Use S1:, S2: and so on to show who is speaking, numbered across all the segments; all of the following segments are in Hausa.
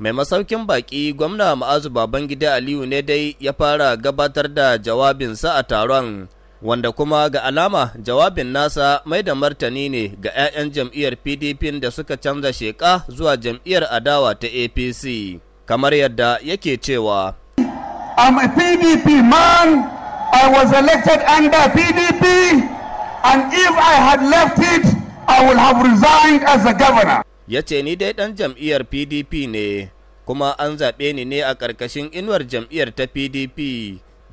S1: Mai masaukin baƙi gwamna ma'azu Babangida Aliyu ne dai ya fara gabatar da jawabinsa a taron, wanda kuma ga alama jawabin nasa mai da martani ne ga 'ya'yan jam'iyyar PDP da suka canza sheka zuwa jam'iyyar adawa ta APC, kamar yadda yake cewa.
S2: I'm a PDP man, I was elected under PDP, and if I had left it, I would have resigned as a governor.
S1: ya ce ni dai ɗan jam'iyyar pdp ne kuma an zaɓe ni ne a ƙarƙashin inuwar jam'iyyar ta pdp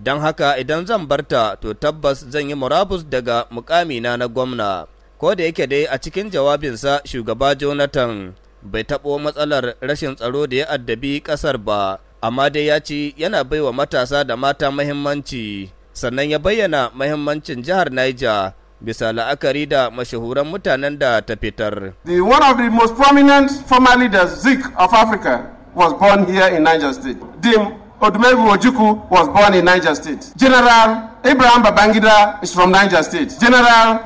S1: don haka idan zan barta to tabbas zan yi murabus daga mukamina na gwamna ko da yake dai a cikin jawabinsa shugaba jonathan bai taɓo matsalar rashin tsaro da ya addabi ƙasar ba amma dai ya ci yana baiwa matasa da mata mahimmanci sannan ya bayyana mahimmancin jihar niger bisa la'akari da mashahuran mutanen da ta fitar.
S2: The one of the most prominent former leaders Zik of Africa was born here in Niger State. Dim Odumegu Ojukwu was born in Niger State. General Ibrahim Babangida is from Niger State. General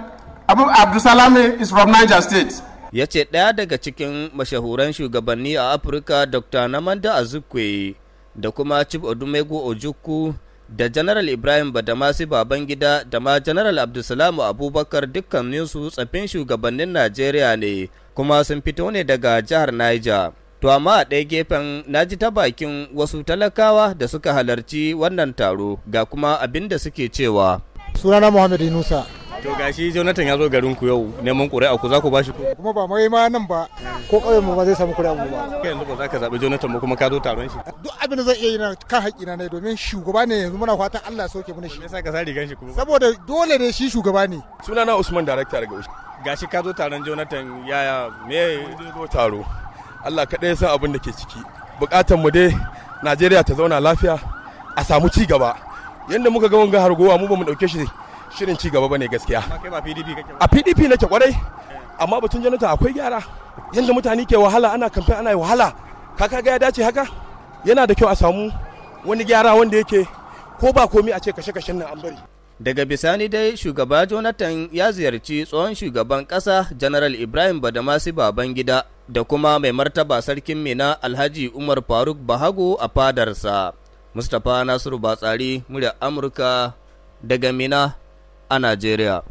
S2: Abu Abdusalami is from Niger State.
S1: Ya ce ɗaya daga cikin mashahuran shugabanni a Afirka Dr. Namanda Azukwe da kuma Chief Odumegu Ojukwu da Janaral Ibrahim Badamasi Babangida da ma Janaral Abdulsalamu Abubakar dukkaninsu tsaffin shugabannin Najeriya ne kuma sun fito ne daga jihar Niger. To amma a ɗaya gefen na ji ta bakin wasu talakawa da suka halarci wannan taro ga kuma abin da suke cewa.
S2: Sunana Muhammad Yunusa.
S1: To gashi Jonathan ya zo garin ku yau neman ƙuri'a ku za ku bashi ku.
S2: Kuma ba mai ma nan ba ko ƙauyen mu ba zai samu ƙuri'a mu ba.
S1: Kai yanzu ba za ka zaɓi Jonathan ba kuma ka zo taron shi.
S2: Duk abin da zan iya yi na kan na ne domin shugaba ne yanzu muna fatan Allah soke mana shi. Me yasa ka sa rigan shi kuma? Saboda dole ne shi shugaba ne. Sunana Usman Director daga Usman. gashi ka zo taron jonathan yaya me zo taro allah kaɗai ya san abin da ke ciki bukatan mu dai najeriya ta zauna lafiya a samu ci gaba yadda muka ga har hargowa mu ba mu ɗauke shi shirin ci gaba bane gaskiya a pdp nake kwarai amma batun janata akwai gyara yadda mutane ke wahala ana kamfe ana wahala kaka ga ya dace haka yana da kyau a samu wani gyara wanda yake ko ba komi a ce kashe-kashen nan an bari
S1: daga bisani dai shugaba jonathan ya ziyarci tsohon shugaban kasa general ibrahim badamasi babangida da kuma mai martaba sarkin mina alhaji umar faruk bahago a fadarsa mustapha nasiru batsari murya amurka daga mina a Najeriya.